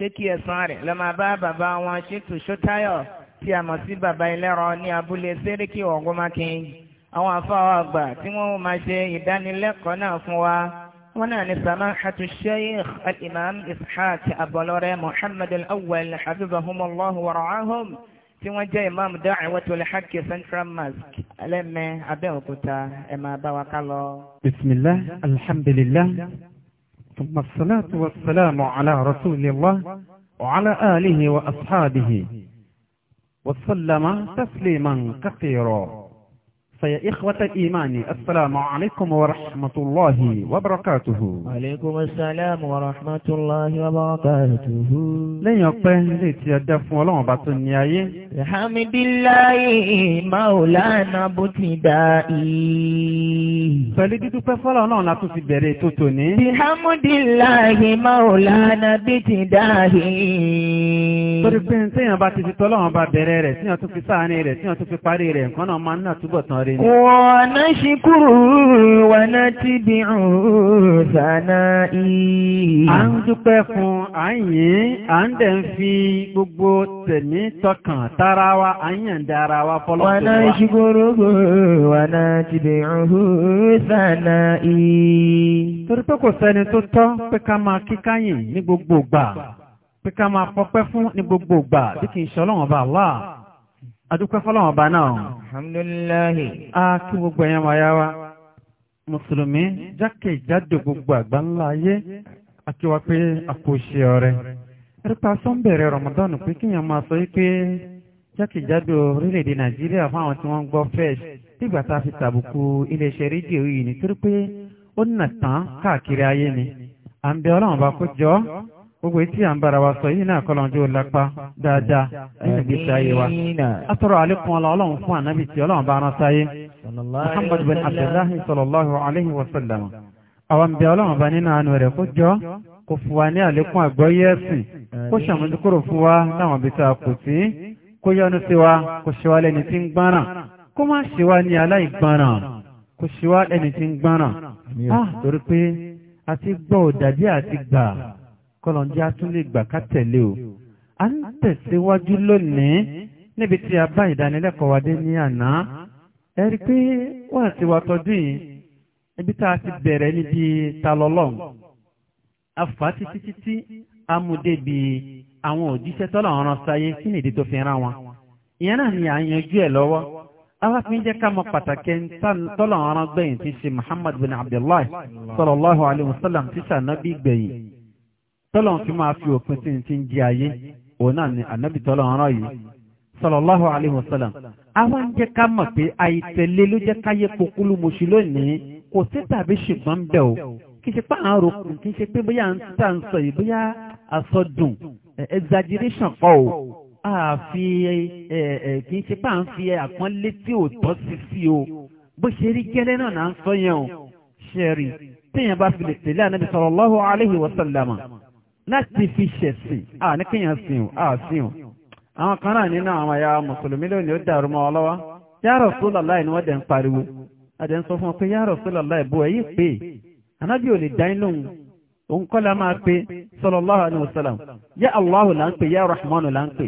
pé kí ẹ̀san rẹ̀ lọ máa bá bàbá wọn ṣètò ṣótáyọ̀ tí a mọ̀ sí bàbá ẹlẹ́rọ ní abúlé sẹ́ríkì ọ̀gọ́mákin àwọn afáwọ̀ àgbà tí wọ́n máa ṣe ìdánilẹ́kọ̀ọ́ náà fún wa wọ́n náà ní samahatu sheikh al-imam ishaq abọlọrẹ muhammad al-awwal habibahumullahu wa tí wọ́n jẹ́ imam da'watul haqq central mosque alẹ́mẹ́ abẹ́òkúta ẹ̀ máa bá wa ká lọ. bismillah alhamdulillah. ثم الصلاة والسلام على رسول الله وعلى آله وأصحابه وسلم تسليما كثيرا فيا إخوة الإيمان السلام عليكم ورحمة الله وبركاته عليكم السلام ورحمة الله وبركاته لن يقبل لتيادف ولن بطنياي الحمد الله مولانا بتدائي فلدتو فلا لن لا تفبري تتوني الحمد الله مولانا بتدائي torí pé tíyàn bá ti fi tọ́lọ́wọ́n bá bẹ̀rẹ̀ rẹ̀ tíyàn tún fi sáàárín rẹ̀ tíyàn tún fi parí rẹ̀ nǹkan náà máa ń túbọ̀ tán rí ni. wọ́n á ṣe kúrò wọ́n á ti bí wa à ń yàn dá ara wa fọlọ́ wọ́n á ṣe kúrò wọ́n á ti bí torí pé kò sẹ́ni tó tọ́ pé ká máa kíkáyìn ní gbogbo gbà pé ká máa pọpẹ́ fún ní gbogbo ìgbà bí kì í ṣe ọlọ́wọ̀n bá Allah adúpẹ́ fọ́lọ́wọ̀n bá náà alhamdulillahi a kí gbogbo ẹ̀yàn wáyá wa mùsùlùmí jákèjádò gbogbo àgbà ńlá ayé àti wá pé àkóṣe ọrẹ nípa sọ́ńbẹ̀rẹ̀ Ramadan pé kíyàn máa sọ wípé jákèjádò orílẹ̀-èdè Nàìjíríà fáwọn tí wọ́n ń gbọ́ fẹ́ẹ̀ṣ nígbà tá a fi tàbùkù iléeṣẹ́ rédíò yìí nítorí pé ó nà tán káàkiri ayé ni à ń bẹ Ọlọ́run bá kó jọ gbogbo etí à ń bára wa sọ yìí náà kọlọ́njú lápá dáadáa nínú ìgbésí ayé wa a tọrọ ọlọ́run fún ànábì tí ọlọ́run bá rán sáyé muhammadu bin abdullahi sallallahu alaihi wa sallam àwọn bí ọlọ́run bá nínú àánú rẹ̀ kó jọ kó fún wa ní àlékún àgbọ́yé ẹ̀sìn kó ṣàmójúkúrò fún wa láwọn ibi tá a kù sí kó yọ́nú sí wa kó ṣe wá lẹ́ni tí ń gbọ́nà kó má ṣe wá ní aláìgbọ́nà kó ṣe wá lẹ́ni tí ń gbọ́nà kọlọ̀njẹ́ a tún lè gbà ká tẹ̀lé o a ń tẹ̀síwájú lónìí níbi tí a bá ìdánilẹ́kọ̀ọ́ wa dé ní àná ẹ rí pé wọ́n àti wa tọdún yìí ibi tá a ti bẹ̀rẹ̀ níbi talọ́lọ́n afá títí títí amúdé bi àwọn òjíṣẹ́ tọ́lọ̀ ọ̀ràn sáyé kí nìdí tó fi ra wọn ìyẹn náà ni à ń yanjú ẹ̀ lọ́wọ́ awafin jẹ́ ká mọ̀ pàtàkì tọ́lọ̀ ọ̀ràn gbẹ̀yìn ti ṣe Muhammad bin Abdullahi sallallahu alayhi wa sallam ti ṣànábì tọ́lọ̀ fi máa fi òpin sí ti ń jí ayé òun náà ni ànábì tọ́lọ̀ ọ̀rọ̀ yìí sallallahu alaihi wasallam àwọn jẹ́ ká mọ̀ pé àìtẹ̀lé ló jẹ́ káyé pokúlù mọ̀ṣù lónìí kò sí tàbí ṣùgbọ́n ń bẹ̀ o kì í ṣe pé à kì í ṣe pé bóyá ń ń sọ yìí bóyá àsọdùn exaggeration kọ́ o àfi kì í ṣe pé à ń fi àpọ́nlé tí ò tọ́ sí sí o bó ṣe rí gẹ́lẹ́ náà ń sọ yẹn o ṣe rí téèyàn bá fi lè tẹ̀lé ànábì sallallahu alaihi láti fi ṣẹ̀sìn à ní kíyàn sìn à sìn àwọn kan náà nínú àwọn ẹ̀yà mùsùlùmí lónìí ó dàrú mọ́ ọ lọ́wọ́ ya Rasulullah ni wọ́n dẹ̀ ń pariwo adẹ̀ ń sọ fún ọ pé ya Rasulullah bó ẹ̀yìn pé anábì ò lè dá inú òun kọ́ la máa pe sallallahu alaihi wasallam ya Allahu là ń pè ya Rahmanu là ń pè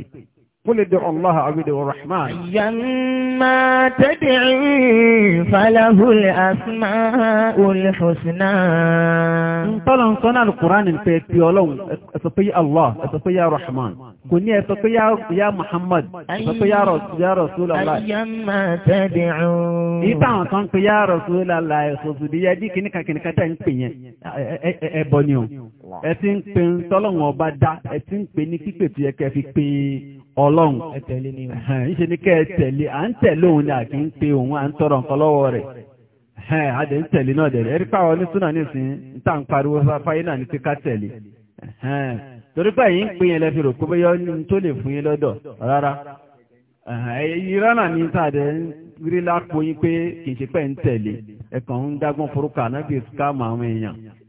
قل ادعوا الله عبده الرحمن لما تدعي فله الأسماء الحسنى طلع صنع القرآن في بيولون اتقي الله اتقي الرحمن. رحمن كوني يا محمد اتقي يا رسول الله لما تدعوا ايتا كان يا رسول الله سوسدي يدي كني كان كتا نبين ebonio ẹ ti ń pin tọ́lọ́wọ́n ọba dá ẹ ti ń ọlọ́run ìṣe ní kẹ́ ẹ tẹ̀lé à ń tẹ̀lé òun ni àkí ń pe òun à ń tọrọ nǹkan lọ́wọ́ rẹ̀ àdé ń tẹ̀lé náà dẹ̀rẹ̀ ẹ̀rí nísìn ń tà ń pariwo fáyé lọ́dọ̀ rárá náà ní rí lápò yín pé kì í ṣe pẹ́ ń tẹ̀lé ẹ̀kàn ń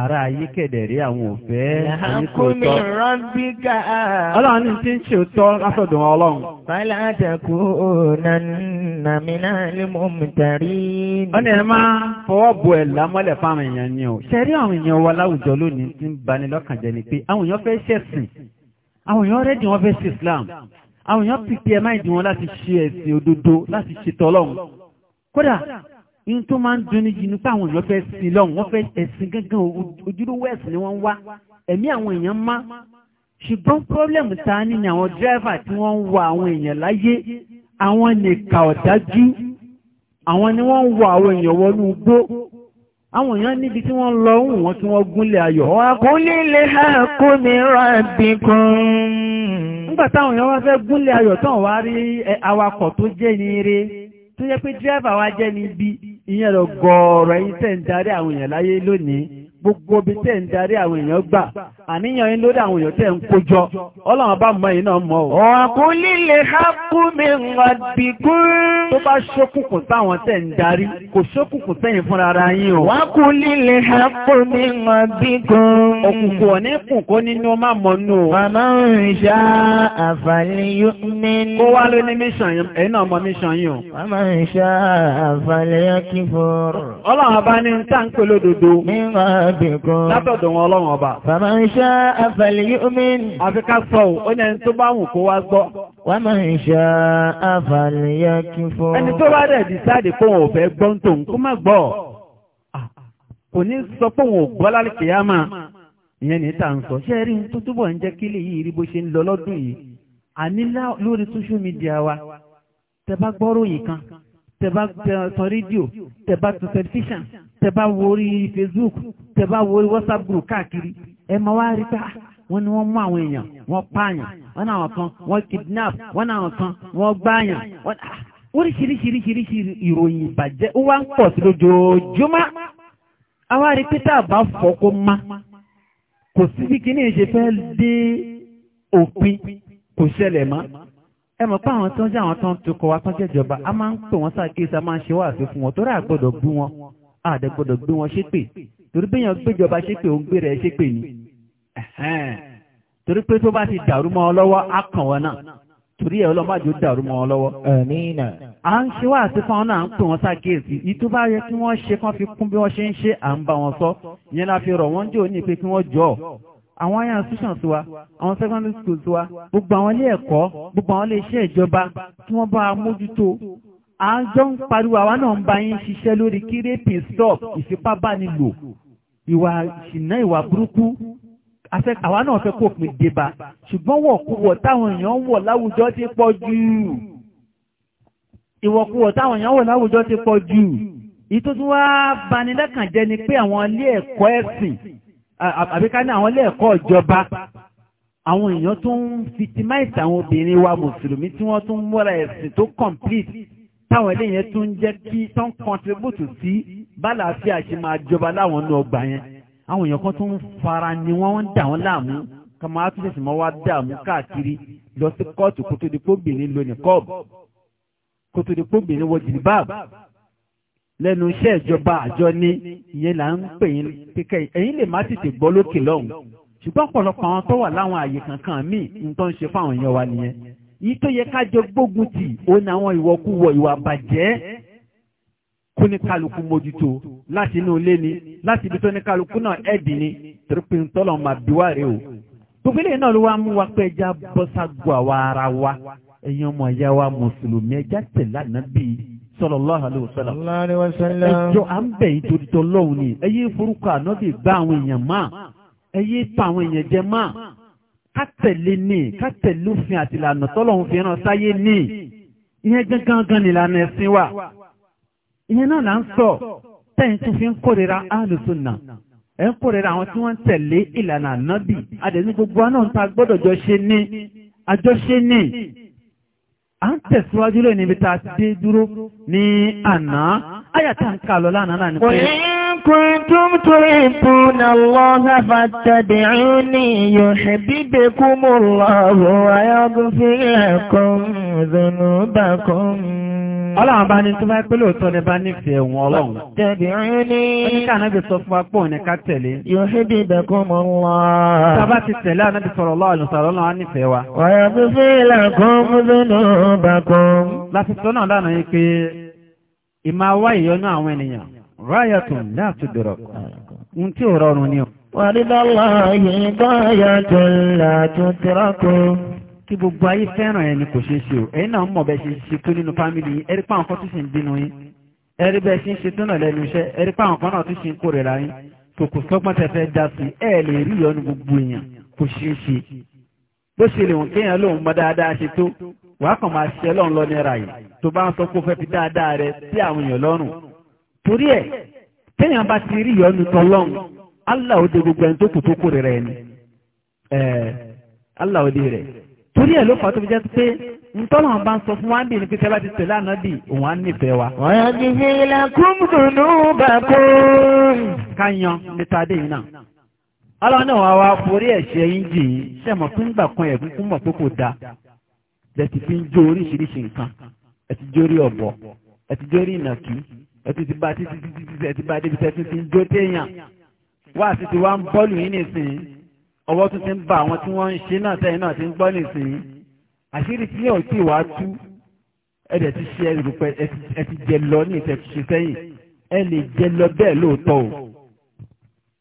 ara ayé kẹ̀dẹ̀rí àwọn òfẹ́ oníkòótọ́. ọlọ́run ní tí ń ṣe òótọ́ látọ̀dọ̀ ọlọ́run. bàálà àtẹ̀kù nànà tàrí. ó ní ẹ máa fọwọ́ bo èèyàn ni o. àwọn èèyàn wa láwùjọ lónìí ti ń bani lọ́kàn jẹ́ ni pé àwọn èèyàn fẹ́ ṣẹ̀sìn àwọn èèyàn rẹ́dì wọn fẹ́ ṣe Islam àwọn èèyàn pípẹ́ ní tó máa ń dunni jù nípa àwọn èèyàn fẹ́ sin lọ́hùn wọ́n fẹ́ ẹ̀sìn gángan ojúlówó ẹ̀sìn ni wọ́n ń wá ẹ̀mí àwọn èèyàn má ṣùgbọ́n pọ́blẹ́mù ta ni ni àwọn dírẹ́fà tí wọ́n ń wa àwọn èèyàn láyé àwọn nìka ọ̀dájú àwọn ni wọ́n ń wa àwọn èèyàn wọnú igbó àwọn èèyàn níbi tí wọ́n lọ ń wọ́n tí wọ́n gúnlẹ̀ ayọ̀ ọkùnlẹ̀ lè ha kó mi rọ̀bì kún nígbà táwọn èèyàn wá fẹ́ gúnlẹ̀ ayọ̀ tán wá rí awakọ̀ tó jẹ́ ní eré tó yẹ pé dírẹ́fà wá jẹ́ ní ibi ìyẹn lọ gọ̀ọ̀rọ̀ ẹ̀yin tẹ̀ ń darí àwọn èèyàn láyé lónìí gbogbo bí tẹ́ ń darí àwọn èèyàn gbà àníyàn yín lórí àwọn èèyàn tẹ́ ń kójọ ọlọ́run bá mọ iná mọ́ o. ọ̀kun líle hákú mi rọ̀bìkú. tó bá ṣókùnkùn táwọn tẹ́ ń darí kò ṣókùnkùn sẹ́yìn fúnra ara yín o. wákùn líle hákú mi rọ̀bìkú. òkùnkùn ọ̀ní kùn kó nínú má mọ̀ nù. màmá ń ṣá àfàlẹ́ yóò mí. kó wá ló mission yìí ẹ̀yin náà mọ mission yìí o. màmá ń ṣá àfàlẹ́ rabbikum. Látọ̀dọ̀ wọn ọlọ́run ọba. Faman sha'a falyu'min. Àfi ká sọ ò, ó ní ẹni tó bá wù kó wá gbọ́. Wa man sha'a falyakfur. Ẹni tó bá rẹ̀ dìsáàdì pé òun ò fẹ́ gbọ́ ń tòun kó má gbọ́. Kò ní sọ pé òun ò gbọ́ lálẹ́ kìyàmá. Ìyẹn ní ìta ń sọ. Ṣé rí tó túbọ̀ ń jẹ́ kílẹ̀ yìí rí bó ṣe ń lọ lọ́dún yìí? Àní lórí social media wa, tẹ bá gbọ́ròyìn kan tẹ̀bá tan rédíò tẹ̀bá tan tẹlifíṣàn tẹ̀bá worí Facebook tẹ̀bá worí WhatsApp group káàkiri ẹ máa wá rí ká ah, wọ́n ní wọ́n mú àwọn èèyàn wọ́n pààyàn wọ́n náà kan wọ́n kidnap wọ́n náà kan wọ́n gbààyàn ah, oríṣiríṣiríṣiríṣi ìròyìn ìbàjẹ́ ó wá ń pọ̀ sí lójoojúmọ́ àwa rí pété àbá fọ́ kó má kò síbi kí ní ìṣe fẹ́ dé òpin kò ṣẹlẹ̀ mọ́ ẹ mọ̀ pé àwọn tó ń jẹ́ àwọn tó ń tukọ̀ wa tó ń jẹ́jọba a máa ń pè wọ́n ṣàkíyèsí a máa ń ṣe wáàsí fún wọn torí àgbọ̀dọ̀ bú wọn àdẹ̀gbọ̀dọ̀ gbé wọn ṣépè torí bí èèyàn gbéjọba ṣépè òun gbé rẹ̀ ṣépè ni torí pé tó bá ti dàrú mọ́ ọ lọ́wọ́ á kàn wọ́n náà torí ẹ̀ ọlọ́mọ́jò dàrú mọ́ ọ lọ́wọ́. à ń ṣe wá àti fún ọ náà ń pè wọ́n ṣàkíyèsí ìtú bá yẹ kí wọ́n ṣe kán fi kún àwọn ayan institution ti wa àwọn secondary school ti wa gbogbo àwọn ilé ẹ̀kọ́ gbogbo àwọn ilé iṣẹ́ ìjọba tí wọ́n bá mójútó à ń jọ ń pariwo àwa náà ń bá yín ṣiṣẹ́ lórí kí raping stop ìfipábánilò ìwà ìṣìnà ìwà burúkú àwa náà fẹ́ kó pin débà ṣùgbọ́n wọ̀kúwọ̀ táwọn èèyàn wọ̀ láwùjọ ti pọ̀ jù ìwọ̀kúwọ̀ táwọn èèyàn wọ̀ láwùjọ ti pọ̀ jù ìtútù wá banilẹ́kànjẹ́ ni pé àwọn ilé ẹ̀kọ́ ẹ̀sìn àbí ká ní àwọn ilé ẹ̀kọ́ ìjọba àwọn èèyàn tó ń fitimáìsì àwọn obìnrin wa mùsùlùmí tí wọ́n tún múra ẹ̀sìn tó complete táwọn ilé yẹn tún jẹ́ kí tán contribute sí bálàáfíà ṣe máa jọba láwọn inú ọgbà yẹn àwọn èèyàn kan tún fara ni wọ́n ń dà wọ́n láàmú ká máa tún ṣẹ̀ṣẹ̀ máa wá dààmú káàkiri lọ sí kóòtù kó tó di pé obìnrin lo wọ lẹ́nu iṣẹ́ ìjọba àjọ ní ìyẹn là ń pè yín kíkẹ́ ẹ̀yin lè má tètè gbọ́ lókè lọ́hùn ṣùgbọ́n ọ̀pọ̀lọpọ̀ àwọn tó wà láwọn àyè kankan míì ń tó ń ṣe fáwọn èèyàn wa nìyẹn yìí tó yẹ kájọ gbógun tì ó ní àwọn ìwọ̀kúwọ̀ ìwà bàjẹ́ kó ní kálukú mójútó láti inú ilé ni láti ibi tó ní kálukú náà ẹ̀dì ni tìrìpín tọ́lọ̀ máa o gbogbo náà ló wá mú wa pé ẹja bọ́sàgbọ́ àwa ara wa ẹ̀yin ọmọ ìyá wa mùsùlùmí ẹja tẹ̀lé ànábì sallallahu alaihi wasallam. ẹjọ́ à ń bẹ̀ yín torí tọ́lọ́hùn ni ẹ yé forúkọ ànábì bá àwọn èèyàn máa ẹ yé pa àwọn èèyàn jẹ máa ká tẹ̀lé ìlànà tọ́lọ́hùn fi ràn ní ni ìlànà ẹ̀sìn wa ìyẹn náà là ń sọ tẹ́yìn tún fi ń kórira ahlu sunna ẹ̀ ń kórira àwọn tí wọ́n ń gbogbo wa ń ta gbọ́dọ̀ jọ ṣe ní àjọṣe ní a ń tẹ̀síwájú lónìí ibi tá a dé dúró ní àná ayàtà ń kà lọ lánàá náà ní pé. كنتم تحبون الله فاتبعوني يحببكم الله ويغفر لكم ذنوبكم Ọlọ́run bá ní tó bá pé lóòótọ́ ní bá nífẹ̀ẹ́ wọn ọlọ́run. Tẹ̀bí rí ní. Ó ní káànábì sọ fún apọ̀ ní ká tẹ̀lé. Yóò ṣe bí ìbẹ̀kún wa. Wàyà fífẹ́ ìlàkùn fúnfúnnú bàkùn. Lásìkò náà lánàá yìí pé ìmá wá ìyọnú àwọn ènìyàn. Ráyàtùn láti dọ̀rọ̀. Ohun tí ò rọrùn ni. Wàrídàlá yìí báyà tó là kí gbogbo ayé fẹ́ràn ẹni kò ṣeé ṣe o ẹ̀yin náà mọ̀ bẹ́ẹ̀ ṣe ṣe tó nínú fámìlì yín ẹ̀rí pàwọn kan tó ṣe ń bínú yín ẹ̀rí bẹ́ẹ̀ ṣe ń ṣe tó náà lẹ́nu iṣẹ́ ẹ̀rí pàwọn kan náà tó ṣe ń kórìíra yín kòkò sọ́gbọ́n tẹ fẹ́ dá sí ẹ̀ lè rí ìyọnu gbogbo èèyàn kò ṣeé ṣe bó ṣe lè wọ́n kéèyàn lòun mọ dáadáa ṣe tó wàá kàn máa ṣe lọ́run lọ nira yìí tó bá ń sọ pé ó fẹ́ Allah ó de gbogbo ẹni tó kù tó kórìíra ẹni ẹ̀ Allah ó de rẹ̀ torí ẹ̀ ló fà tó fi jẹ́ pé ntọ́nà bá ń sọ fún wa ń bì ní pété bá ti tẹ̀lé ànábì òun á nífẹ̀ẹ́ wa. ọ̀yọ́ ti ṣe ilà kúndùnú bàkó. ká yan níta dé yìí náà. ọlọ́run náà wá wá forí ẹ̀ṣẹ̀ yín jì yín ṣe fún ìgbà kan ẹ̀gún fún mọ̀ pé kò dáa. ẹ ti fi ń jó oríṣiríṣi nǹkan ẹ ti jó rí ọ̀bọ ẹ ti jó rí ìnàkí ẹ ti bá títí títí ẹ ti bá débi tẹ́tí ti ń jó téèyàn wá ọwọ́ tún ti ń bá àwọn tí wọ́n ń ṣe náà tẹ́yìn náà ti ń gbọ́ nìsín àṣírí tí yóò tí wàá tú ẹ̀dẹ̀ ti ṣe ẹ̀rùpẹ̀ ẹ ti jẹ lọ ní ìtẹ̀kùṣe sẹ́yìn ẹ lè jẹ lọ bẹ́ẹ̀ lóòótọ́ o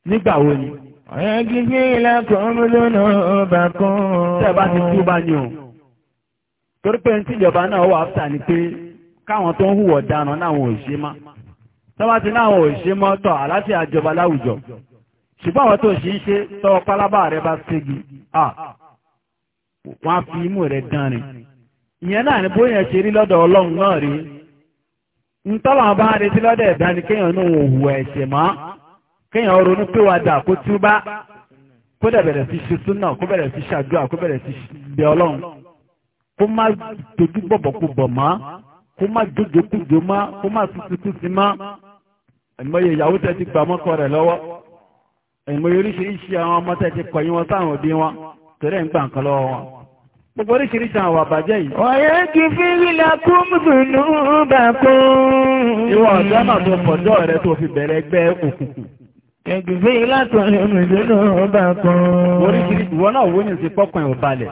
nígbà wo ni. ọ̀rẹ́ gígé ìlàkùn lónà ọba kan. tẹ́ ẹ bá ti tú bá ní o torí pé tíjọba náà wà áfíà ni pé káwọn tó ń hùwọ̀ dáná náà wọn ò ṣe mọ́ tọ́wọ́ ti náà wọn ò ṣe mọ́ tọ̀ àlàáfíà jọba láwùjọ ṣùgbọ́n àwọn tó ṣe ń ṣe tọ́ pálábà rẹ bá ségi wọ́n á fi imú rẹ̀ dán ni ìyẹn náà ní bóyá ṣe rí lọ́dọ̀ ọlọ́run náà rí ntọ́lọ́wọ́n bá ń retí lọ́dọ̀ ẹ̀dá ni kéèyàn náà ò hùwà ẹ̀ṣẹ̀ mọ́ kéèyàn ronú pé wàá dà kó túbá kó dẹ̀ bẹ̀rẹ̀ sí ṣe súnà kó bẹ̀rẹ̀ sí ṣàdúrà kó bẹ̀rẹ̀ sí bẹ ọlọ́run kó má dojú bọ̀bọ̀kúbọ̀ mọ́ kó má jójó kújó mọ́ kó má tutù kùsì mọ́ ẹ̀mọ́yẹ ìyàwó tẹ́ ti rẹ̀ lọ́wọ́ ìmọ̀ oríṣiríṣi àwọn ọmọ tẹ́ ti kọ̀yìn wọn sáwọn òbí wọn torí ń gbà nǹkan lọ́wọ́ wọn gbogbo oríṣiríṣi àwọn àbájẹ́ yìí. ọ̀yẹ́ kì fi rílà kún dùnú bà kún. ìwọ ọ̀dọ́ náà tó pọ̀jọ́ rẹ tó fi bẹ̀rẹ̀ ẹgbẹ́ òkùnkùn. ẹgbẹ́ ìlàtọ̀rẹ̀ dùnú bà kún. oríṣiríṣi ìwọ náà wọ́n yìí sí pọ́kàn ẹ̀ balẹ̀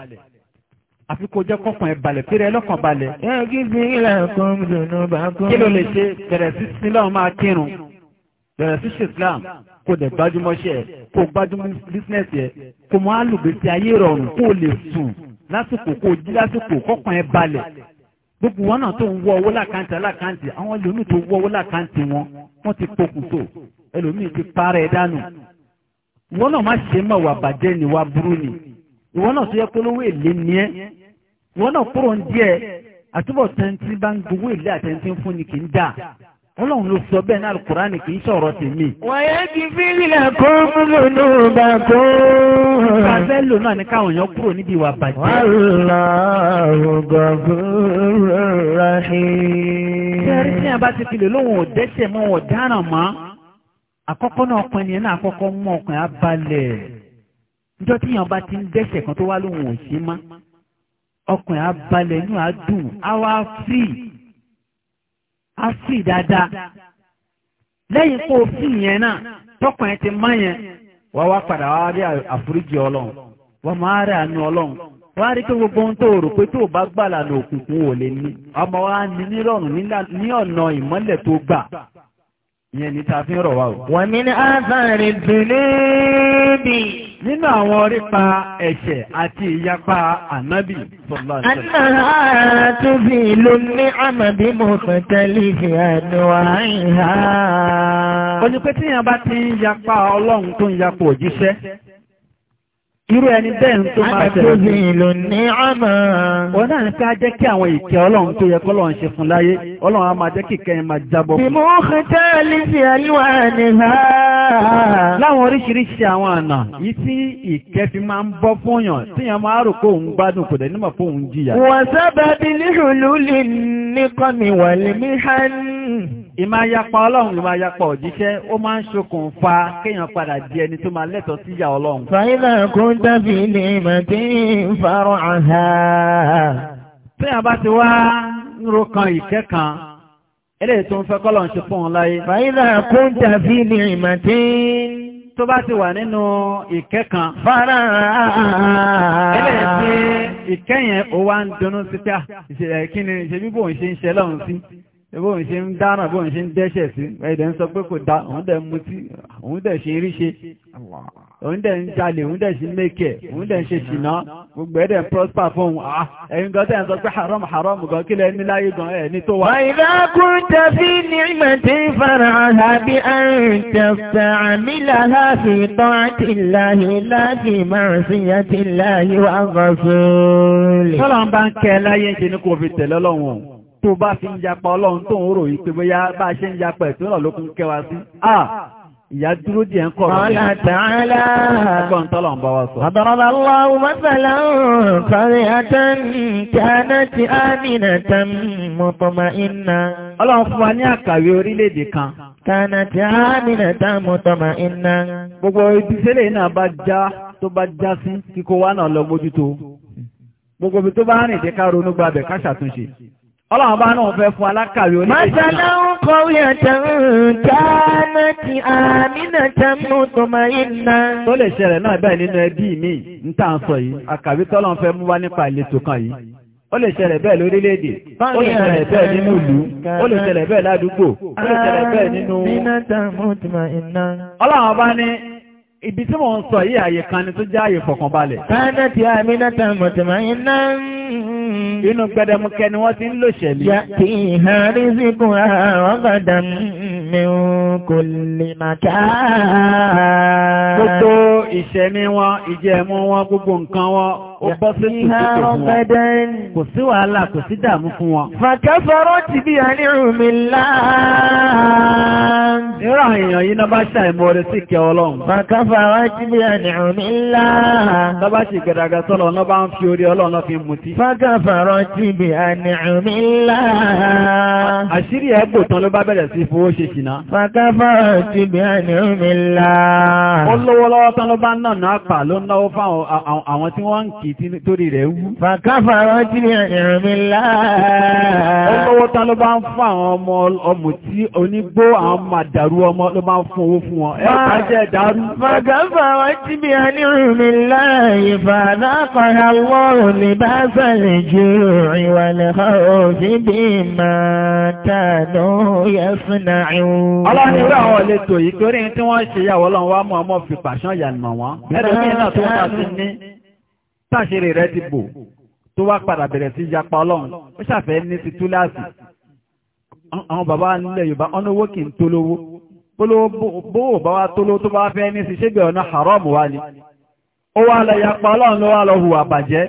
àfi kò jẹ́ kọ́kàn ẹ̀ balẹ̀ kí rẹ lọ́kàn balẹ̀. ẹgbẹ́ ìlàtọ̀rẹ̀ dùnú bà kún. kí ló lè ṣe bẹ̀rẹ̀ sílẹ̀ máa bẹ̀rẹ̀ sí Islam kò dẹ̀ gbájúmọ́ṣẹ́ ẹ̀ kò gbájúmọ́ business ẹ̀ kò mọ́ alùgbèsè ayé rọrùn kò lè sùn lásìkò kò jí lásìkò kọ́kàn ẹ̀ balẹ̀ gbogbo wọn náà tó ń wọ owó lákàntì alákàntì àwọn lónú tó wọ owó lákàntì wọn wọ́n ti pokùnso ẹlòmíì ti parẹ́ ẹ̀ dànù ìwọ náà má ṣe mọ̀ wà bàjẹ́ ni wà burú ni ìwọ náà tó yẹ pé olówó èlé ni ẹ ìwọ náà kúrò ń díẹ̀ àtúbọ̀ tẹ́ntì bá ń gbowó èlé àtẹ́ntì fún ni kì í dáa Ọlọ́run ló sọ bẹ́ẹ̀ náà Kùránì kìí sọ̀rọ̀ tèmi. Wọ̀nyẹ́ ti fi lílẹ̀ kó múlò ní ọba kó. Bàbá lò náà ní káwọn èèyàn kúrò níbi ìwà bàjẹ́. Wallahu ghafurur rahim. Ṣẹ́rí tí a bá ti fi lè lóhùn òdẹ́ṣẹ̀ mọ́ wọn dáràn mọ́. Àkọ́kọ́ náà ọkùnrin yẹn náà àkọ́kọ́ mú ọkùnrin á balẹ̀. Níjọ́ tí èèyàn ti ń dẹ́ṣẹ̀ kan tó wá lóhùn òṣì a sì dáadáa lẹ́yìn kó o fi yẹn náà tọkàn ẹ ti má yẹn wá wá padà wá rí àforíjì ọlọ́run wá máa rí àánú ọlọ́run wá rí pé gbogbo ohun tó rò pé tó bá gbà lànà òkùnkùn ò lè ní ọmọ wa ní nírọ̀rùn ní ọ̀nà ìmọ́lẹ̀ tó gbà yẹn ni ta fi ń rọ̀ wá o. wọ́n mi ní àfàrí dùnú nínú àwọn orípa ẹ̀ṣẹ̀ àti ìyapa ànábì sọ̀lá ṣẹlẹ̀. Àná tó fi ìlú ní àmàbí mo fẹ́ tẹ́lẹ̀ fi àánú àìhá. Ó ní bá ti ń yapa ọlọ́run tó ń yapa òjíṣẹ́. Irú ẹni bẹ́ẹ̀ ń tó máa ṣẹlẹ̀. Àtàkùn ìlú ní àmà. Wọ́n náà ní ká jẹ́ kí àwọn ìkẹ́ ọlọ́run tó yẹ kọ́lọ́run ṣe fún láyé. Ọlọ́run á máa jẹ́ kí ìkẹyìn máa jábọ̀. Bí mo kí tẹ́lẹ̀ sí àlúwà ní ha. Láwọn oríṣiríṣi àwọn àná, yìí tí ìkẹ́ fi máa ń bọ́ fún yàn, tí yàn máa rò pé òun gbádùn kò dẹ̀ nímọ̀ pé òun jìyà. Wọ́n sábà bí níhùlú lè ní kọ́mi wà lè mí hàn ìmá yapa ọlọ́run ìmá yapa òjíṣẹ́ ó máa ń ṣokùnfà kéèyàn padà di ẹni tó máa lẹ́tọ̀ọ́ sí ìyà ọlọ́run. fàyínà kún dábì ní ìmọ̀tí ìfarọ̀ àhà. téèyàn bá ti wá ń kan ìkẹ́ kan eléyìí tó ń fẹ́ kọ́lọ̀ ń ṣe fún un láyé. fàyínà kún dábì ní ìmọ̀tí. tó bá ti wà nínú ìkẹ́ kan. fara eléyìí tí ìkẹ́ ó wá ń dunnú sí ah, bó ń ṣe ń dára bó ń ṣe ń dẹ́ṣẹ̀ sí ẹ̀dẹ̀ ń sọ pé kò dá òun dẹ̀ mutí òun dẹ̀ ṣe ríṣe òun dẹ̀ ń jalè òun dẹ̀ ṣe mẹ́kẹ̀ òun dẹ̀ ṣe ṣìná gbogbo ẹ̀dẹ̀ prosper fún ah, ẹ̀yin gan tẹ̀ ń sọ pé haram haram gan kí lẹ ní láyé gan ẹ̀ ní tó wá. àìdá kú tẹ̀sí ní ìmọ̀tí fara àbí àrùn tẹ̀sẹ̀ àmì làlàfi tán àti láyé láti márùn sí àti láyé wà tó bá fi ń japa ọlọ́run tó ń rò yí bóyá bá ṣe ń japa ẹ̀tọ́ náà ló kún kẹwàá sí ìyá dúró díẹ̀ ń kọ̀ rẹ̀. ọ̀la tààlà. ẹgbọ́n tọ́lọ̀ ń bá wa sọ. àbọ̀rọ̀bà lọ́wọ́ mọ́sálà kọ́rí àtàn kánà ti àmìnà tàn mọ́tọ́mà iná. ọlọ́run fún wa ní àkàwé orílẹ̀-èdè kan. kánà ti àmìnà tàn mọ́tọ́mà iná. gbogbo ìdísẹ́lẹ̀ náà bá já tó bá já sí kíkó wa náà lọ mójútó. gbogbo ibi tó bá rìn dé ká ronú gbàbẹ̀ ká ṣàtúnṣe. Ọlọ́run bá náà fẹ́ fún alákàrí oníbejì náà. Mọ́sálá ń kọrí àtàrùn dáná ti àmínà tánú tó máa yí ná. Tó lè ṣẹlẹ̀ náà bẹ́ẹ̀ nínú ẹbí mi ń tà ń sọ yìí, àkàrí tọ́lọ́run fẹ́ mú wá nípa ìletò kan yìí. Ó lè ṣẹlẹ̀ bẹ́ẹ̀ lórílẹ̀-èdè, ó lè ṣẹlẹ̀ bẹ́ẹ̀ nínú ìlú, ó lè ṣẹlẹ̀ bẹ́ẹ̀ ládùúgbò, ó lè ṣẹlẹ̀ bẹ́ẹ̀ nínú. Ọlọ́run bá ní ibi tí mo ń sọ yí àyè kan ni tó jẹ́ àyè fọ̀kànbalẹ̀. Káàdà ti àmínátà mọ̀tìmá iná ń. Inú gbẹdẹmukẹ ni wọ́n ti ń lò ṣẹ̀lẹ̀. Yà kí ìhà rí síkù àwọn gbàdà mi kò lè máa ká. Gbogbo ìṣẹ̀mí wọn, ìjẹ̀mú wọn, gbogbo nǹkan wọn, ó bọ́ sí ìhàrọ̀ fẹ́dẹ́ kò sí wàhálà kò sí dààmú fún wọn. fàkẹ́fọ́rọ́ ti bí àní rùmí láàá. irú àwọn èèyàn yìí náà bá ṣàìmọ̀ rẹ̀ sí ìkẹ́ ọlọ́run. fàkẹ́fọ́rọ́ ti bí àní rùmí láàá. tó bá ṣe gẹ̀dàgẹ̀ sọ́lọ̀ náà bá ń fi orí ọlọ́run fi mutí. fàkẹ́fọ́rọ́ ti bí àní rùmí láàá. àṣírí ẹ̀ tán ló bá bẹ̀rẹ̀ sí fowó ṣe ṣìná yìí tí torí rẹ̀ wú. fàkàfàrọ̀ tí ìrìn mi láàá. ó lọ́wọ́ tá ló bá ń fún àwọn ọmọ ọmọ tí onígbó àwọn màdàrú ọmọ ló bá ń fún owó fún wọn. ẹ bá jẹ́ dàrú. fàkàfàrọ̀ tí ìrìn mi láàá ìfàdà kọ̀ọ̀rọ̀ lọ́rùn ní bá sàlẹ̀ ju ìwàlẹ̀ òfì bí máa tàdó yẹ fúnà ìwọ̀n. ọlọ́run ìwé àwọn ìletò yìí torí tí wọ́n ṣe yàwó lọ́wọ́ mọ́ ọmọ fi pàṣán yànnà wọn. ẹ̀rọ táṣírí rẹ̀ ti bò tó wá padà bẹ̀rẹ̀ sí yapa ọlọ́run ó ṣàfẹ́ ní ti túláàsì àwọn bàbá nílẹ̀ yorùbá ọ̀nà owó kì í tó lówó bówó bá wá tó lówó tó bá fẹ́ ní sí ṣégbẹ̀ ọ̀nà haram wá ni ó wá lọ yapa ọlọ́run ló wá lọ hùwà bàjẹ́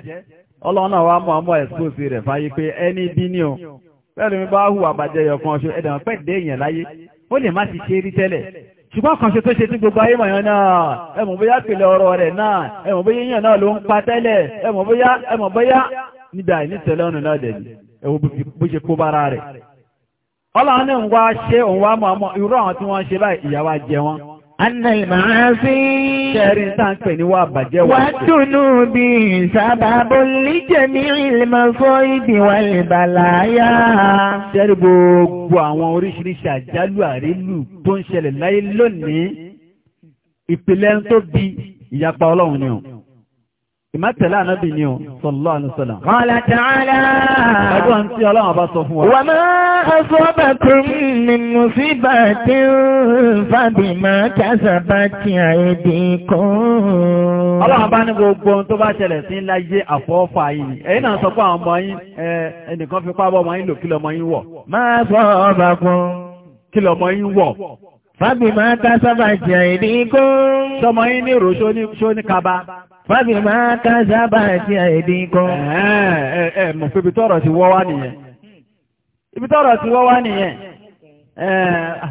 ọlọ́run náà wá mọ̀ ọmọ ẹ̀sùkòsì rẹ̀ fáyé pé ẹni bí ní o bẹ́ẹ̀ ni bá hùwà bàjẹ́ yọ̀kan ọṣù ẹ̀dàn pẹ́ẹ̀dẹ́ èèyàn láyé ó lè má ti ṣe rí tẹ́lẹ̀ ṣùgbọ́n kan tó ṣe tí gbogbo ayé mọ̀ náà ẹmọ̀ bóyá pèlè ọ̀rọ̀ rẹ̀ náà ẹmọ̀ bóyá náà ló ń pa tẹ́lẹ̀ ẹmọ̀ bóyá ẹmọ̀ bóyá níbi àìnítẹ̀lẹ́ ọ̀nà náà bó ṣe kó bára rẹ̀ ọlọ́run wá ṣe òun wá ṣe báyìí jẹ Anna ìmáàfí ṣẹ́rin táǹpẹ̀ ní wà bàjẹ́ wà. Wà túnú bí sábàbò líjẹ̀ ní ìlmọ̀ fún ìdí wà lè bàláyà. Ṣẹ́rí gbogbo àwọn oríṣiríṣi àjálù àrílù tó ń ṣẹlẹ̀ láyé lónìí, ìpìlẹ̀ tó bí ìyapa Ọlọ́run ni ọ̀. Ìmá tẹ̀lé ànábì ni ó, sallallahu alaihi wasallam. Qala ta'ala. Ẹgbẹ́ ọ̀n tí ọlọ́run bá sọ fún wa. Wa ma asabakum min musibatin fabima kasabat aydikum. Ọlọ́run bá ní gbogbo ohun tó bá ṣẹlẹ̀ sí láyé àfọ́fà yìí. Ẹ̀yin náà sọ pé àwọn ọmọ yín ẹnìkan fi pábọ̀ ọmọ yín lò wọ̀. Ma asabakum. Kí lọmọ yín Sọmọ yín ní ìrò ní kaba. Fábí máa ká sábà sí àìdí kan. Ẹ ẹ mọ̀ pé ibi tọ́rọ̀ ti wọ́ wá nìyẹn. Ibi tọ́rọ̀ ti wọ́ wá nìyẹn. Ẹ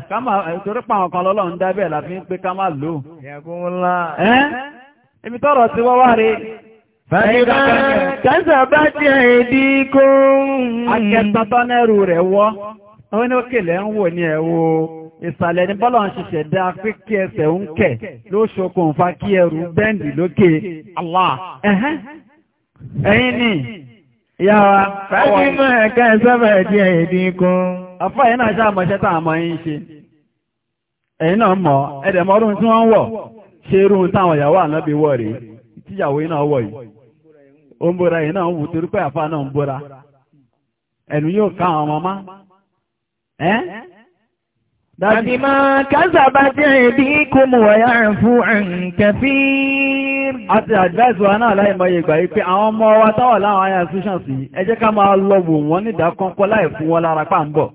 ká máa torí pa àwọn kan lọ́lọ́ ń dábẹ̀ láti ń pé ká máa lò. ibi tọ́rọ̀ ti wọ́ wá rí. Fábí máa ká sábà sí àìdí kan. Akẹ́tọ́tọ́ nẹ́rù rẹ̀ wọ́. Ó ní ó kèlè ń wò ní ẹ̀wọ̀. ìsàlẹ̀ ní bọ́lọ̀ ń ṣiṣẹ́ dá pé kí ẹsẹ̀ ń kẹ̀ ló kí ẹrù bẹ́ǹdì lókè Allah ẹ̀yìn ni ìyá wa. ẹ̀ka ẹ̀sọ́fà ẹ̀dí ẹ̀dí kan. àfọ ẹ̀yìn náà ṣáà mọ̀ṣẹ́ tá mọ̀ yín ṣe ẹ̀yìn náà mọ̀ ẹ̀dẹ̀ tí wọ́n wọ̀ ṣe irú táwọn ìyàwó wọ̀ rèé tíyàwó náà yìí ó ń bóra yìí náà wù torí náà Bàbímá kásàbá tí ẹ̀bí kó mú wà yá fún àǹkẹfí. A ti advice wa náà láì mọ̀ ìgbà yìí àwọn ọmọ wa táwà láwọn ayá institution sí, ẹ jẹ́ ká lọ wò wọ́n nídà kọ́kọ́ láì fún wọn lára Àwọn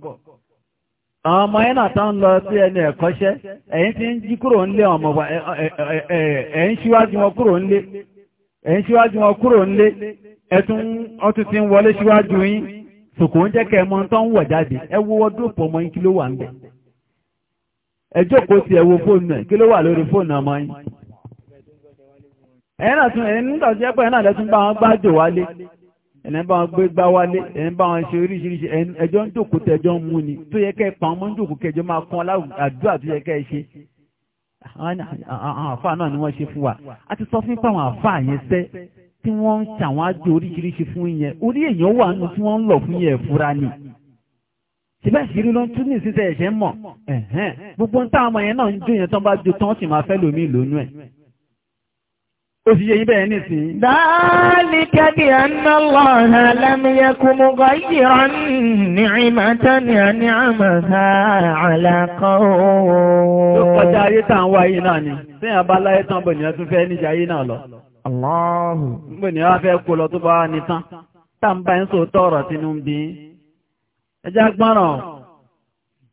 ọmọ yẹn náà lọ sí ẹni ẹ̀kọ́ṣẹ́, ẹjọ́ kó sí ẹwọ fóònù ẹ̀ kí ló wà lórí fóònù ọmọ yìí ẹ̀yìn náà tún ẹ̀yìn nígbà tí ẹ̀pẹ́ náà lẹ́tún bá wọn gbájò wálé ẹ̀yìn bá wọn gbé gbá wálé ẹ̀yìn bá wọn ṣe oríṣiríṣi ẹjọ́ ń jòkó tẹjọ́ ń mú ni tó yẹ kẹ́ pa ọmọ ń jòkó kẹjọ́ máa kún àdúrà tó yẹ kẹ́ ṣe àwọn àfáà náà ni wọ́n ṣe fún wa a ti sọ fún fáwọn àfáà yẹn sẹ́ tí wọ́n ń ṣàwọn àjò oríṣiríṣi fún yẹn orí èèyàn wà nù tí wọ́n ń lọ fún yẹn fúra ni síbẹ̀ ìṣírí ló ń tún ní ìsinsẹ̀ ẹ̀ṣẹ̀ mọ̀ gbogbo táwọn ọmọ yẹn náà ń jó yẹn tán bá jó tán sì máa fẹ́ lómi lónú ẹ̀ ó ti yẹ yí bẹ́ẹ̀ nísìn. dáálì kẹ́bí ẹ̀nà lọ́nà lámìyẹ kú mú gọ́ yíra ní ìmọ̀tá ní àní àmọ̀ta àlàkọ́ ooo. ló kọjá ayé tá à ń wá yìí náà ni sẹ́yìn abáláyé tán bò ní ẹ tún fẹ́ níjà ayé náà lọ. bò ní wá fẹ́ kó lọ tó bá wá ní tán tá ń bá ń sòótọ́ ọ̀rọ̀ sínú ń ẹjá gbọ́nà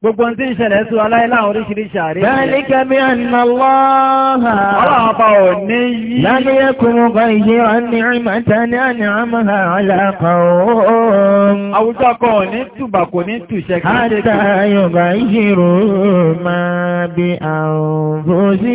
gbogbo tí ń ṣẹlẹ̀ sí aláìlá oríṣiríṣi àrí bẹ́ẹ̀lì kẹmí ẹ̀nà lọ́ha ọlọ́ọ̀bá ò ní yí lábíyẹ kúrò bá iye ọ̀nì ìmọ̀ta ní àní àmàhà aláàkọ̀ ohun àwùjọ kọ ní tùbà kò ní tùṣẹ́ kí ní tẹ́kì ìṣirò máa bí àrùn bó sí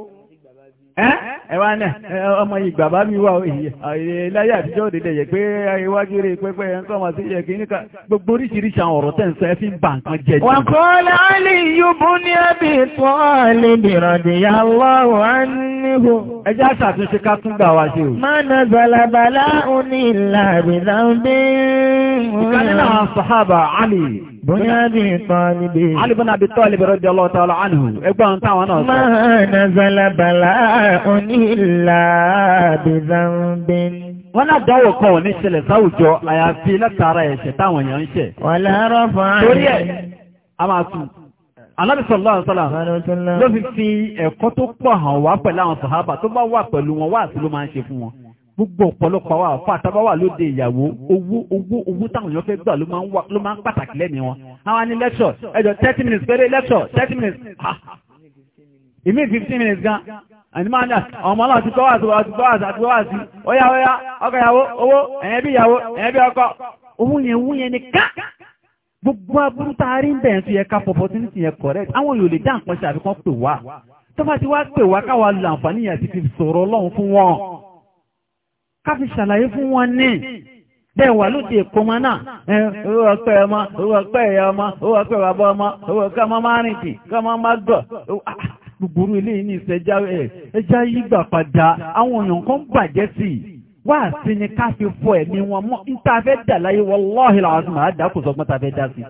ẹwà náà ọmọ ìgbà bá mi wà òye láyé òdìdẹ̀ yẹ pé iwájú rẹ̀ pẹ́pẹ́ ẹ̀ńkọ́ ma sí yẹ kí níka gbogbo oríṣiríṣi àwọn ọ̀rọ̀ tẹ́ ń sọ ẹ fi ń nǹkan jẹ́ jù. wàkọ́lá lè ní ẹbí ìtọ́ lè Bùnyádì tọ́lìbì. Alìbùn àbí tọ́lìbì rọ́dí ọlọ́tọ́lọ́ ánìhù. Ẹgbọ́n táwọn náà sọ. Máa nà zalabala onílà bìzàmbìn wọ́n náà dánwò kan ò ní ṣẹlẹ̀ sáwùjọ àyàfi látara ẹ̀ṣẹ̀ táwọn èèyàn ń ṣẹ̀. wàlárọ̀ fún àyè. torí ẹ̀ a máa tún gbogbo ọ̀pọ̀lọpọ̀ àwọn àfa àtàbáwà lóde ìyàwó owó owó owó táwọn èèyàn fẹ́ gbà ló máa ń wà ló máa ń pàtàkì lẹ́mìí wọn. àwọn ni lecture ẹjọ thirty minutes péré lecture 30 minutes ha ìmí 15 minutes gan àti máa ń dà àwọn ọmọ náà ti gbọ́ wá sí wa ti gbọ́ wá sí àti gbọ́ wá sí ọ̀yá ọ̀yá ọkọ ìyàwó owó ẹ̀yẹ́ bí ìyàwó ẹ̀yẹ́ bí ọkọ owó yẹn owó yẹn nìkan gbogbo aburú tá a rí ń bẹ̀rẹ̀ sí yẹ ká opportunity yẹn correct àwọn yòó lè dá ti wá pè ká fi ṣàlàyé fún wọn ní bẹ́ẹ̀ wà lóde ìkómọ náà ẹ owó ọpẹ́ ọmọ owó ọpẹ́ ẹ̀yà ọmọ owó ọpẹ́ bàbá ọmọ owó ọpẹ́ ọmọ márìndì kọ́mọ má gọ̀ ah, ah, gbogbo ilé ní ìṣẹ́já ẹja yígbà padà àwọn èèyàn kan bàjẹ́ sí i wá sí ni ká fi fọ ẹ̀mí wọn mọ́ níta fẹ́ dà láyé wallahi làwọn àdàkù sọgbọ́n ta fẹ́ dá sí i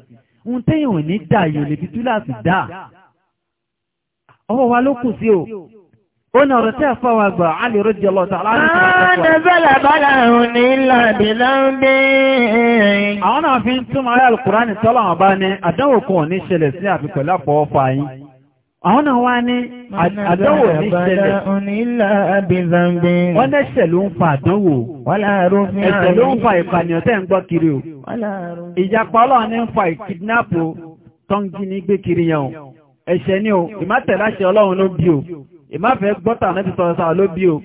ohun téèyàn ò dà yìí ò fi túláàsì dà ọwọ́ wa ló kù sí o Ona ọ̀rọ̀ tí a fọ́ wa gbà, a lè rọ́jì ọlọ́ta aláàrùn. Ààrẹ bẹ́lẹ̀ bọ́lá òun ní ìlà ìbílá ń bí. Àwọn náà fi ń túnmọ̀ ayé alùkùránì tọ́lọ̀ wọn bá ní àdánwò kan ò ní ṣẹlẹ̀ sí àfikọ̀ lápọ̀ ọfà yìí. Àwọn náà wá ní àdánwò ní ṣẹlẹ̀. Wọ́n lẹ́ṣẹ̀ ló ń fa àdánwò. Ẹ̀ṣẹ̀ ń fa ìpànìyàn tẹ́ ń gbọ́ kiri o. Ìjàpá ọlọ́run ní ń fa ìkidnápù tó ní gbé kiri yẹn Ẹ̀ṣẹ̀ ni o, ìmátẹ̀láṣẹ ọlọ́run ló bí o ìmáfẹ́ gbọ́tà náà ti sọ̀rọ̀ sáà ló bí o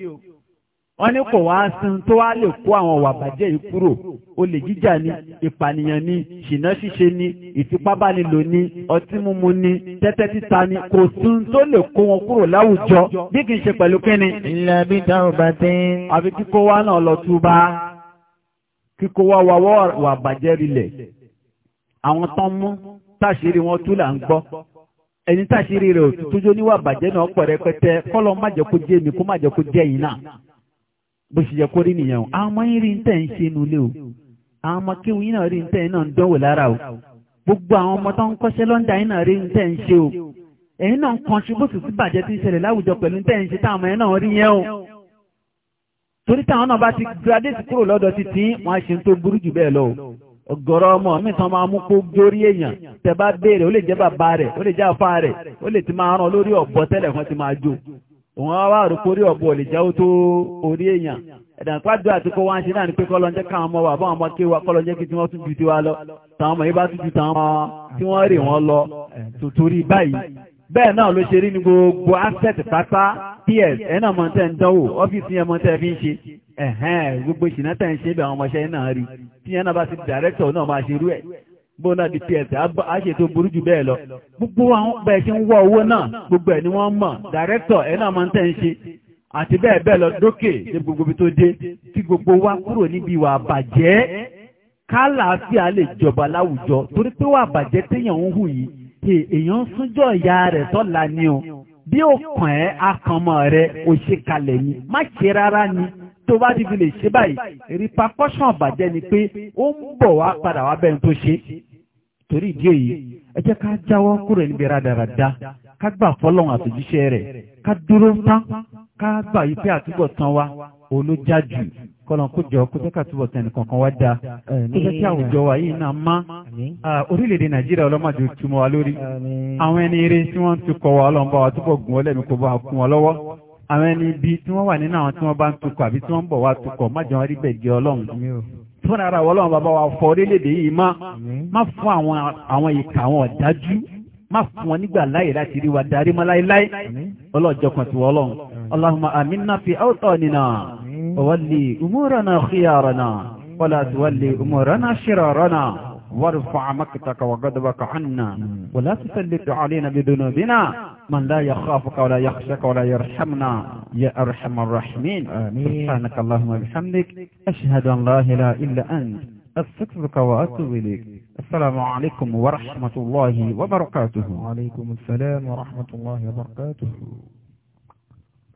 wọ́n ní kò wá sin tó wá lè kó àwọn ọ̀wà bàjẹ́ yìí kúrò olè jíjà ni ìpànìyàn ni ṣìnà ṣíṣe ni ìfipábánilò ni ọtí mímu ni tẹ́tẹ́ títa ni kò sún tó lè kó wọn kúrò láwùjọ bí kì í ṣe pẹ̀lú kíni. ilẹ̀ bí táwọn bá ti àfi kíkó wa náà lọ túbá kíkó wa wà wọ́ wà bàjẹ́ rilẹ̀ àwọn tán mú táṣírí wọn tú là ń gbọ́ ẹni táṣírí rẹ̀ òtútújó níwà bàjẹ́ náà pọ̀ rẹpẹtẹ kọ́lọ́ má jẹ́ kó jẹ́ mi kó má jẹ́ kó jẹ́ yìí náà bó ṣe jẹ́ kó rí nìyẹn o àwọn ọmọ yín rí ń tẹ̀ ń ṣe nulẹ̀ o àwọn ọmọ kéwù yín náà rí ń tẹ̀ ń náà ń dánwò lára o gbogbo àwọn ọmọ tó ń kọ́ṣẹ́ lọ́ńdà yín náà rí ń tẹ̀ ń ṣe o ẹ̀yin náà ń kọ́ntribútù sí bàjẹ́ tí ń ṣẹlẹ̀ láwùjọ pẹ̀lú ń ṣe ń ọ̀gọ̀rọ̀ ọmọ mi tán máa mú kó górí èèyàn tẹ bá béèrè ó lè jẹ́ bàbá rẹ̀ ó lè jẹ́ àfá rẹ̀ ó lè ti máa ràn lórí ọ̀bọ tẹ́lẹ̀ kan ti máa jó òun wá rò kórí ọ̀bọ lè jáwó tó orí èèyàn ẹ̀dàn pàdé àti kó wáńṣe náà ni pé kọ́lọ́njẹ́ káwọn ọmọ wà báwọn ọmọ kí wa kọ́lọ́njẹ́ kí tí wọ́n tún ju tiwa lọ táwọn ọmọ yìí bá tún ju táwọn tí wọ́n rè wọ́n lọ tòtórí báyìí bẹ́ẹ̀ náà ló ṣe rí ní gbogbo asset pátá ps ẹ̀nà mọ̀tẹ́ ń dánwò ọ́fíìsì yẹn mọ̀tẹ́ fi ń ṣe gbogbo ìṣìnà tẹ̀ ń ṣe bẹ̀ àwọn ọmọọṣẹ́ náà rí tí yẹn náà bá ti dàrẹ́tọ̀ náà máa ṣe irú ẹ̀ bó náà di ps á ṣe tó burú jù bẹ́ẹ̀ lọ gbogbo àwọn bẹ́ẹ̀ ṣe ń wọ owó náà gbogbo ẹ̀ ni wọ́n mọ̀ dàrẹ́tọ̀ ẹ̀ náà máa ń tẹ̀ ń ṣe àti bẹ́ẹ̀ bẹ́ẹ̀ lọ dókè ní gbogbo ibi tó dé kí gbogbo wa kúrò níbi ìwà àbàjẹ́ kálàáfíà lè jọba láwùjọ torí pé wà àbàjẹ́ téèyàn ń hù yìí èèyàn súnjọ́ ìyá rẹ̀ tọ́la ni o bí ó kàn akànmọ́ rẹ̀ òṣèkalẹ̀ ni má ṣe rárá ni tó bá ti fi lè ṣe báyìí repercussion bàjẹ́ ni pé ó ń bọ̀ wá padà wá bẹ́ẹ̀ tó ṣe torí ìdí èyí ẹ jẹ́ ká jáwọ́ kúrò níbi rádaràda ká gbà fọ́lọ́run àtòjíṣẹ́ rẹ̀ ká dúró tán ká gbà yí pé àtúbọ̀ tán wa olójá jù kọ́lọ̀n kó jọ kó tẹ́ka túbọ̀ tẹ́nì kankan wá dáa tó jẹ́ kí àwùjọ wa yìí náà má orílẹ̀-èdè nàìjíríà ọlọ́mọdé túmọ̀ wa lórí àwọn ẹni eré tí wọ́n ti kọ́ wa ọlọ́mọba wa túbọ̀ gùn ọlẹ́mi kó bá kún ọ lọ́wọ́ àwọn ẹni ibi tí wọ́n wà nínú àwọn tí wọ́n bá ń tukọ̀ àbí tí wọ́n ń bọ̀ wá tukọ̀ májọ rí bẹ̀gẹ̀ ọlọ́run fún ara wọ́n lọ́wọ́ bàbá wa fọ orílẹ̀-èdè yìí má má fún àwọn ìka àwọn ọ̀dájú má fún wọn nígbà láyè láti rí wa darí mọ́ láéláé ọlọ́jọ́ kan ti wọ́ ọlọ́run Allahumma aminna fi awtanina wa walli umurana khiyarana wa la tuwalli وارفع مكتك وغضبك عنا ولا تسلط علينا بذنوبنا من لا يخافك ولا يخشك ولا يرحمنا يا أرحم الراحمين سبحانك اللهم وبحمدك أشهد أن لا إله إلا أنت أستغفرك وأتوب إليك السلام عليكم ورحمة الله وبركاته وعليكم السلام ورحمة الله وبركاته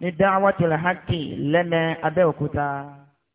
ní dáwọ́tò làhákì lẹ́mẹ̀ abẹ́òkúta.